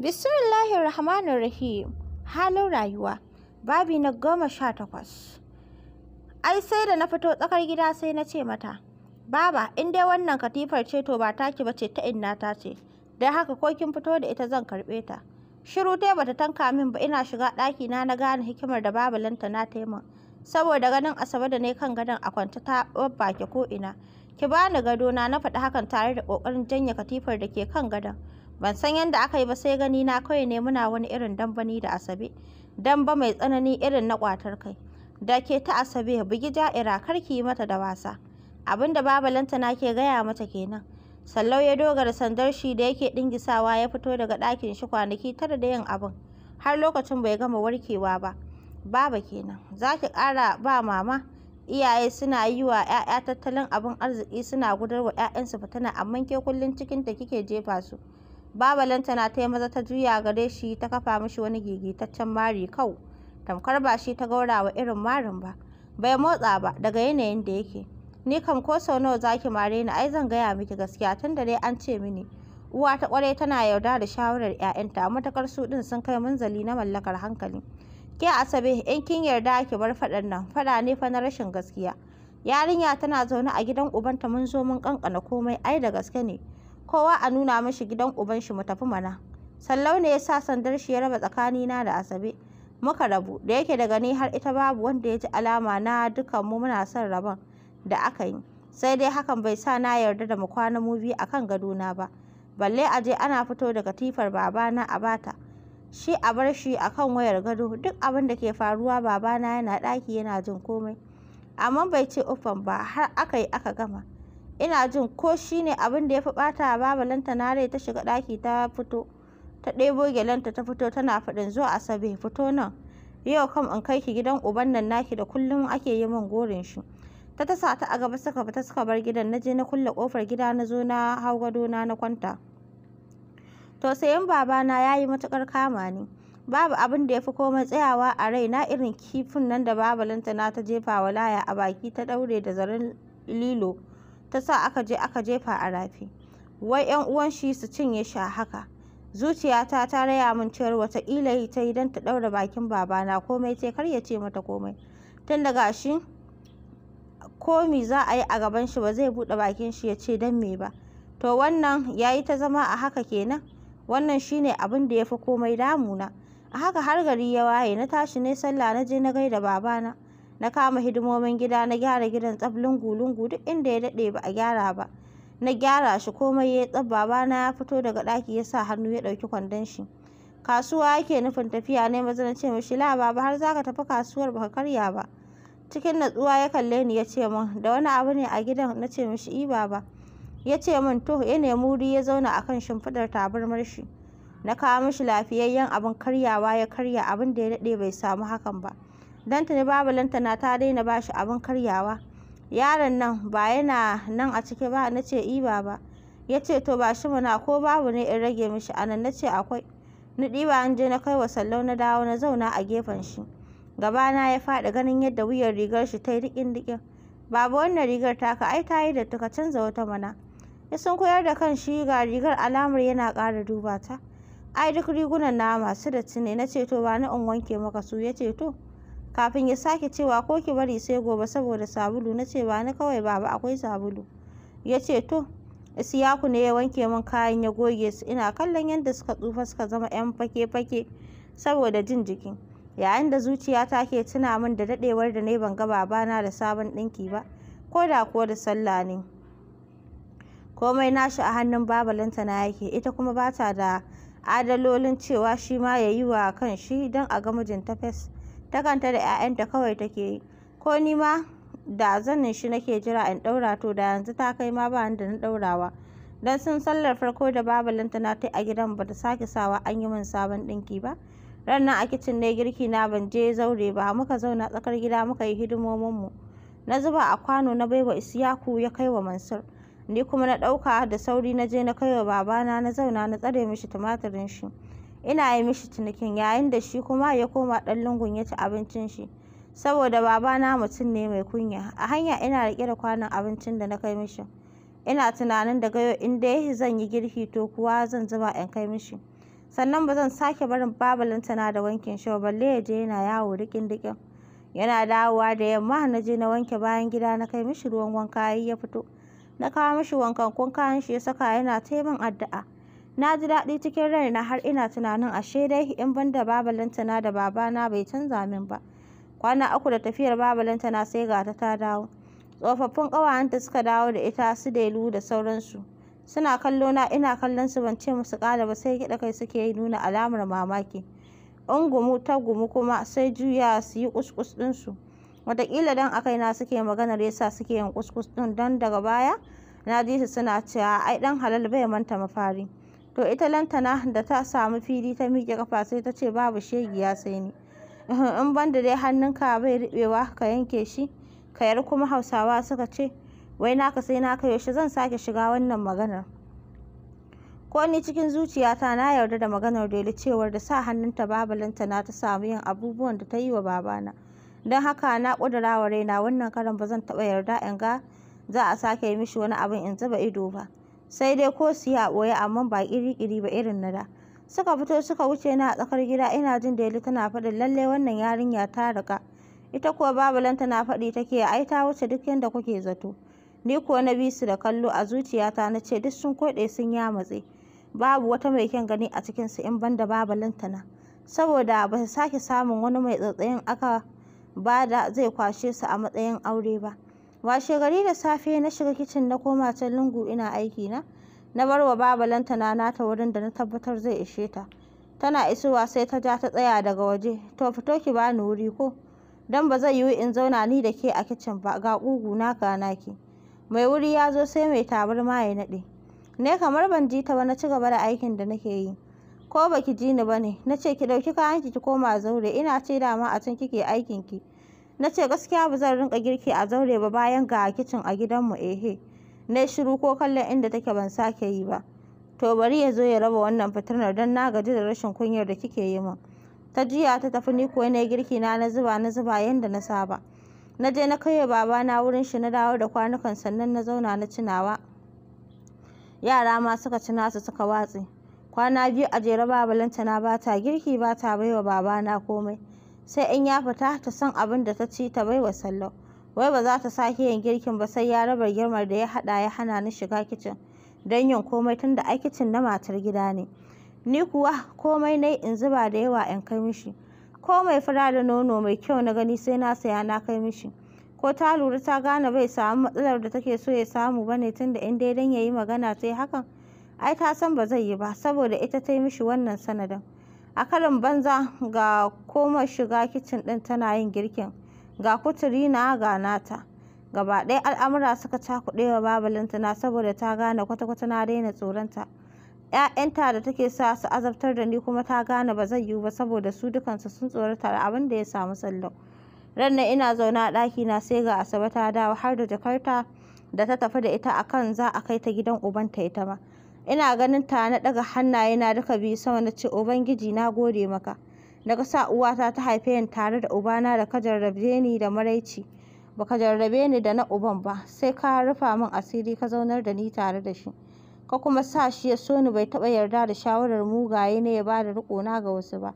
Bismillahir Rahmanir Rahim. Halin rayuwa. Babi na goma sha takwas. Ai sai da na fito tsakar gida sai na ce mata, Baba, in dai wannan katifar ce to ba taki ba ce ta inna ta ce, dan haka ko kin fito da ita zan karɓe ta. Shiru dai bata tanka min ba ina shiga ɗaki na na gane hikimar da babu lantana ta yi Saboda ganin Asabe da ne kan gadon a kwanta ta babbake ko ina. Ki bani gado na na faɗi hakan tare da ƙoƙarin janye katifar da ke kan gadon. ban san yadda aka yi ba sai gani na kawai ne muna wani irin dambani da asabe damba mai tsanani irin na kwatar kai da ke ta asabe bugi ja'ira karki yi mata da wasa da babalanta na ke gaya mata kenan sallau ya dogara sandar shi da yake dingisawa ya fito daga ɗakin shi kwanaki tara da yin abin har lokacin bai gama warkewa ba baba kenan za ki ƙara ba mama iyaye suna yi wa 'ya'ya tattalin abin arziki suna gudarwa 'ya'yansu fitina amma ke kullum cikinta kike jefa su babalanta na taya maza ta juya gare shi ta kafa mishi wani gigitaccen mari kau tamkar ba shi ta gaurawa irin marin ba bai motsa ba daga yanayin da yake ni kam ko sau nawa zaki mare ni ai zan gaya miki gaskiya tun da dai an ce mini uwa ta kwarai tana yarda da shawarar 'ya'yanta matakar su din sun kai munzali na mallakar hankali ke asabe in kin yarda ki bar faɗan nan faɗa ne fa na rashin gaskiya yarinya tana zaune a gidan ubanta mun zo mun kankana komai ai da gaske ne kowa a nuna mashi gidan uban shi mu tafi mana sallau ne yasa sandar shi ya raba tsakanina da asabe muka rabu da yake daga ni har ita babu wanda ya ji alama na dukan mu muna son rabon da aka yi sai dai hakan bai sa na yarda da mu kwana mu biyu akan gadona ba balle a je ana fito da katifar babana a bata shi a bar shi akan wayar gado duk abin da ke faruwa babana yana daki yana jin komai amma bai ce uffan ba har aka yi aka gama ina jin ko shi ne abin da ya fi ɓata babalanta na rai ta shiga ɗaki ta fito ta ɗebo gyalenta ta fito tana faɗin zuwa asabe fito nan yau kam in kai ki gidan uban nan naki da kullum ake yi min gorin shi ta tasa ta a gaba suka fita suka bar gidan na je na kulle kofar gida na zo na hau gadona na kwanta to sayan babana ya yi matuƙar kama ni babu abin da ya fi komai tsayawa a rai, na irin kifin nan da babalanta na ta jefa wa laya a baki ta ɗaure da zaren lilo ta sa aka je aka jefa a rafi wai 'yan uwan shi su cinye shi a haka zuciyata ta raya min cewar wataƙila yi ta yi don ta ɗaura bakin babana komai ce kar ya ce mata komai tun daga shi komi za a yi a gaban shi ba zai buɗe bakin shi ya ce don me ba to wannan ya yi ta zama a haka kenan wannan shine abin da ya fi komai damuna a haka har gari ya waye na tashi ne sallah na je na gaida babana na kama hidimomin gida na gyara gidan tsaf lungu-lungu duk inda ya daɗe ba a gyara ba na gyara shi komai ya tsaf babana ya fito daga ɗaki ya sa hannu ya ɗauki kwandon shi kasuwa yake nufin tafiya ne maza na ce mishi la baba har za ka tafi kasuwar baka karya ba cikin natsuwa ya kalle ni ya ce min da wani abu ne a gidan na ce mishi i baba ya ce min to ya nemi wuri ya zauna a kan shimfiɗar tabarmar shi na kawo mishi lafiyayyen abin karyawa ya karya abin da ya daɗe bai samu hakan ba don tuni babu lantana ta daina ba shi abin karyawa yaron nan ba yana nan a ciki ba na ce i baba ya ce to ba shi muna ko babu ne in rage mishi anan na ce akwai ni ɗiba an je na kai wa sallau na dawo na zauna a gefen shi gabana ya faɗi ganin yadda wuyar rigar shi ta yi dikin dikin babu wannan rigar taka ai ta yi da ka canza wata mana ya sun koyar da kan shi ga rigar alamar yana ƙara duba ta ai duk rigunan na masu datti ne na ce to ba ni in wanke maka su ya ce to kafin ya sake cewa ko ki bari sai gobe saboda sabulu na ce ba ni kawai baba akwai sabulu ya ce to isiyaku ne ya wanke min kayan ya goge su ina kallon yadda suka tsufa suka zama yan fake-fake saboda jin jiki yayin da zuciya ta ke tuna min da daɗewar da ne ban ga babana da sabon ɗinki ba ko da kuwa da sallah ne komai nashi a hannun babalanta na yake ita kuma bata da adalolin cewa shi ma ya yi wa kan shi don a ga mijinta fes ta da 'ya'yanta kawai take yi ko ni ma da zanin shi nake jira in ɗaura to da yanzu ta kai ma ba da na ɗaurawa don sun sallar farko da babalanta na ta a gidan ba ta sake sawa an yi min sabon ɗinki ba ranar a kicin ne girki na ban je zaure ba muka zauna tsakar gida muka yi hidimominmu na zuba a kwano na baiwa isyaku ya kai wa mansur ni kuma na ɗauka da sauri na je na kai wa babana na zauna na tsare mishi tumatirin shi ina yi mishi cinikin yayin da shi kuma ya koma ɗan lungun ya ci abincin shi saboda babana mutum ne mai kunya a hanya ina riƙe da kwanon abincin da na kai mishi ina tunanin daga yau in dai zan yi girki to kuwa zan zuba in kai mishi sannan ba zan sake barin babalin na da wankin shi balle ya je yana yawo riƙin dikin yana dawowa da yamma na je na wanke bayan gida na kai mishi ruwan wanka yi ya fito na kawo mishi wankan kun kayan shi ya saka yana ta addu'a Na ji daɗi cikin raina har ina tunanin ashe dai in ban da babalantana da babana bai canza min ba. Kwana uku da tafiyar babalantana sai ga ta ta dawo. Tsofaffin ƙawayenta suka dawo da ita su Delu da sauransu. Suna kallo na ina kallon su ban ce musu ƙara ba sai gida kai suke yi nuna alamar mamaki. In gumu ta gumu kuma sai juya su yi kuskus ɗinsu. Wataƙila don a na suke maganar yasa suke yin kuskus ɗin don daga baya na ji su suna cewa ai ɗan halal bai manta mafari. to ita lantana da ta samu fili ta miƙe kafa sai ta ce babu shegiya sai ni in ban da dai hannunka bai riɓewa ka yanke shi kayar kuma hausawa suka ce wai naka sai naka yaushe zan sake shiga wannan maganar ko ni cikin zuciyata na yarda da maganar delu cewar da sa hannunta babu lantana ta samu yin abubuwan da ta yi wa babana don haka na ƙudura wa raina wannan karan ba zan taɓa yarda in ga za a sake mishi wani abin in zuba ido ba sai dai ko su yi a ɓoye amma ba iri-iri ba irin na da suka fito suka wuce na a tsakar gida ina jin da Delu tana faɗi lallai wannan yarinya ta riƙa ita kuwa babalan tana faɗi take ai ta wuce duk yadda kuke zato ni kuwa na bi su da kallo a zuciyata na ce duk sun koɗe sun ya matse babu wata mai kyan gani a cikin su in banda babalan tana saboda ba su sake samun wani mai tsatsayin aka ba da zai kwashe su a matsayin aure ba washe gari da safe na shiga kicin na koma can lungu ina aiki na na bar wa babalanta na nata wurin da na tabbatar zai ishe ta tana isowa sai ta ja ta tsaya daga waje to fito ki bani wuri ko dan ba zai yiwu in zauna ni da ke a kicin ba ga ƙugu na ga naki mai wuri ya zo sai mai tabarma ya naɗe ne kamar ban ji ta ba na ci gaba da aikin da nake yi ko baki ji ni ba ne? na ce ki ɗauki kayanki ki koma zaure ina ce dama a can kike aikinki na ce gaskiya ba zan rinka girki a zaure ba bayan ga kicin a gidanmu ehe na yi shiru ko kallon inda take ban sake yi ba to bari ya zo ya raba wannan fitinar don na gaji da rashin kunyar da kike yi min ta jiya ta tafi ni kuwa na girki na na zuba na zuba yadda na saba na je na kai baba na wurin shi na dawo da kwanukan sannan na zauna na cinawa yara ma suka ci nasu suka watse kwana biyu a jere babalanta na bata girki bata baiwa babana komai sai in ya fita ta san abin da ta ci ta baiwa sallau wai ba za ta sake yin girkin ba sai ya raba girmar da ya haɗa ya hana ni shiga kicin don yin komai tunda a kicin na matar gida ne ni kuwa komai nai in zuba da yawa in kai mishi ko mai fura da nono mai kyau na gani sai na saya na kai mishi ko ta lura ta gane bai samu matsalar da take so ya samu bane tunda in dai ya yi magana sai hakan ai ta san ba zai yi ba saboda ita ta yi mishi wannan sanadin a karin banza ga koma shiga kicin ɗin tana yin girkin ga kuturina ga nata gaba ɗaya al'amura suka cakuɗe wa babalin tana saboda ta gane kwata-kwata na daina tsoronta ‘ya'yanta da take sa su azabtar da ni kuma ta gane ba zai yiwu ba saboda su dukansu sun tsorata da abin da ya samu sallau rannan ina zaune a ɗaki na sai ga asabe ta dawo har da jakarta da ta tafi da ita akan za a kai ta gidan ubanta ita ma Ina ganin ta na hannaye na duka biyu sama na ce, Ubangiji na gode maka. Na ga sa uwata ta haife ni tare da ubana da ka jarrabe ni da maraici. Ba ka jarrabe ni da na uban ba, sai ka rufa min asiri ka zaunar da ni tare da shi. Ka kuma sa shi ya so ni bai taɓa yarda da shawarar mugaye ne ya ba da riƙona ga wasu ba.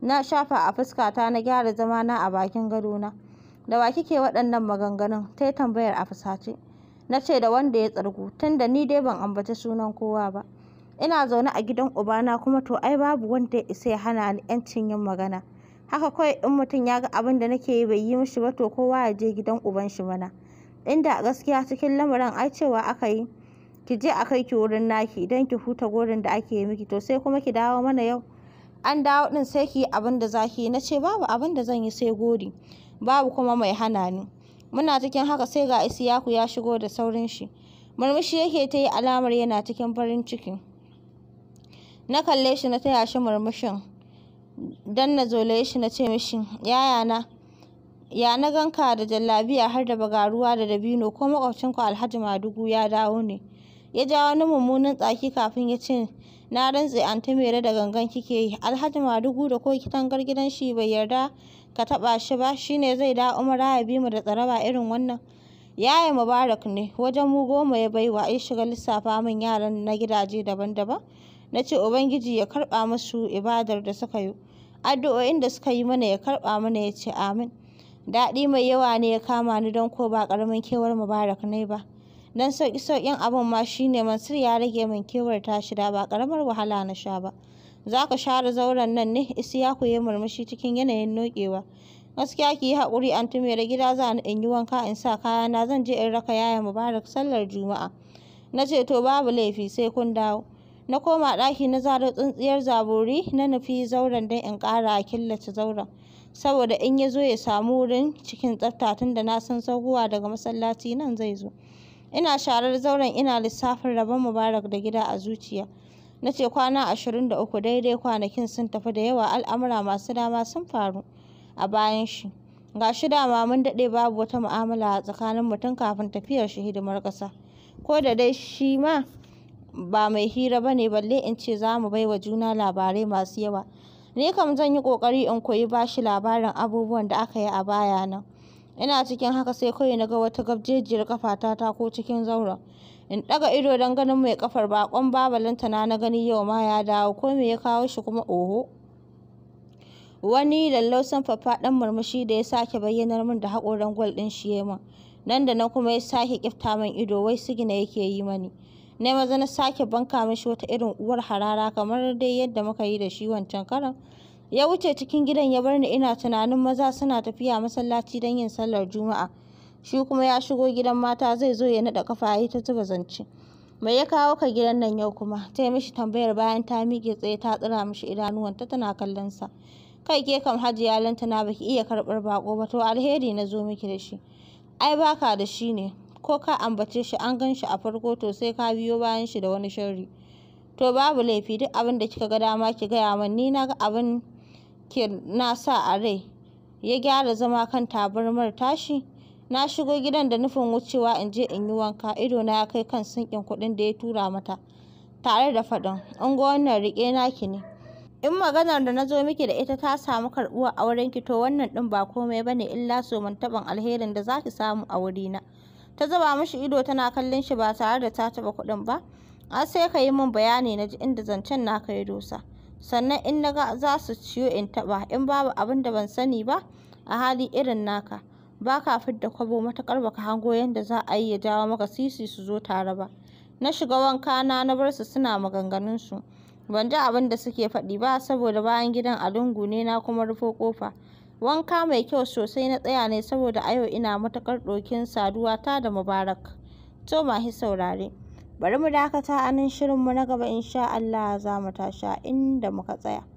Na shafa a fuskata na gyara zamana a bakin gadona. Da wa kike waɗannan maganganun? Ta yi tambayar a fusace. na ce da wanda ya tsargu tunda ni dai ban ambaci sunan kowa ba ina zaune a gidan ubana kuma to ai babu wanda ya isa ya hana ni yancin yin magana haka kawai in mutum ya ga abin da nake yi bai yi mishi ba to kowa ya je gidan uban shi mana inda a gaskiya cikin lamarin ai cewa aka yi ki je a kai ki wurin naki idan ki huta gorin da ake yi miki to sai kuma ki dawo mana yau an dawo din sai ki yi abin da zaki yi na ce babu abin da zan yi sai gori babu kuma mai hana ni Muna cikin haka sai ga Isiyaku ya shigo da saurin shi. Murmushi yake ta yi alamar yana cikin farin ciki. Na kalle shi na taya shi murmushin. Don na zole shi na ce mishi, yaya na, ya na ganka da jallabiya har da bagaruwa da dabino ko makwabcinku Alhaji Madugu ya dawo ne. Ya ja wani mummunan tsaki kafin ya ce, Na rantse ta mere da gangan kike yi. Alhaji Madugu da ko kitangar gidan shi bai yarda ka taɓa shi ba, shine zai da Umara ya bi mu da tsaraba irin wannan. Yaya Mubarak ne, wajen mu goma ya baiwa ya shiga lissafa min yaran na gidaje daban-daban. Na ce Ubangiji ya karba musu ibadar da suka yi. Addu'o'in da suka yi mana ya karba mana ya ce amin. Daɗi mai yawa ne ya kama ni don ko ba ƙaramin kewar Mubarak ne ba. don sauƙi-sauƙin abin ma shi ne Mansur ya rage min kewar tashi da ba ƙaramar wahala na sha ba. Za ka share zauren nan ne isi ya murmushi cikin yanayin noƙewa. Gaskiya ki yi haƙuri an mai da gida za ni in yi wanka in sa kayana zan je in raka yaya Mubarak sallar Juma'a. Na ce to babu laifi sai kun dawo. Na koma ɗaki na zaro tsintsiyar zaburi na nufi zauren don in ƙara a killace zauren. Saboda in ya zo ya samu wurin cikin tsafta tun da na san tsohuwa daga masallaci nan zai zo. Ina sharar zauren ina lissafin rabon Mubarak da gida a zuciya. Na ce kwana ashirin da uku daidai kwanakin sun tafi da yawa al'amura masu dama sun faru a bayan shi. Ga shi dama mun daɗe babu wata mu'amala a tsakaninmu tun kafin tafiyar shi hidimar ƙasa. Ko da dai shi ma ba mai hira ba ne balle in ce za mu bai wa juna labarai masu yawa. Ni kam zan yi ƙoƙari in koyi ba shi labarin abubuwan da aka yi a baya nan. Ina cikin haka sai kawai na ga wata gabjejiyar kafa ta ko cikin zauren. In ɗaga ido don ganin mai ƙafar baƙon babalanta na na gani yau ma ya dawo ko me ya kawo shi kuma oho. Wani lallausan ɗan murmushi da ya sake bayyana min da hakoran gwal din shi ya ma Nan da nan kuma ya sake kifta min ido wai sigina yake yi mani. ne maza na sake banka mishi wata irin uwar harara kamar dai yadda muka yi da shi wancan karan. Ya wuce cikin gidan ya bar ni ina tunanin maza suna tafiya masallaci don yin sallar juma'a. Shi kuma ya shigo gidan mata zai zo ya naɗa kafa ya yi ta zuba zance. Mai ya kawo ka gidan nan yau kuma? Ta yi mishi tambayar bayan ta miƙe tsaye ta tsira mishi idanuwanta tana kallon sa. Kai ke kam hajiya na baki iya karɓar baƙo ba to alheri na zo miki da shi. Ai baka da shi ne. Ko ka ambace shi an gan shi a farko to sai ka biyo bayan shi da wani sharri. To babu laifi duk abin da kika ga dama ki gaya min ni na ga abin ke na sa a rai ya gyara zama kan tabarmar tashi. Na shigo gidan da nufin wucewa in je in yi wanka, idona ya kai kan sinkin kuɗin da ya tura mata, tare da faɗin, in ga wannan riƙe naki ne. In maganar da na zo miki da ita ta samu karɓuwa a ki to wannan ɗin ba komai ba ne illa taban alherin da za ki samu a wurina. Ta zuba mishi ido tana kallon shi ba tare da ta taɓa kuɗin ba, har sai ka yi min bayani na ji inda zancen naka ya dosa. sannan in na ga za su ciyo in taɓa in babu abin da ban sani ba a hali irin naka ba ka fidda kwabo matuƙar baka hango yadda za a yi ya jawo maka sisi su zo tare ba na shiga wanka na na bar su suna maganganunsu ban ji abin da suke faɗi ba saboda bayan gidan a lungu ne na kuma rufe kofa wanka mai kyau sosai na tsaya ne saboda a yau ina matuƙar ɗokin saduwa ta da mubarak to mahi saurare Bari mu dakata a nan shirinmu na gaba insha Allah za mu tashi inda muka tsaya.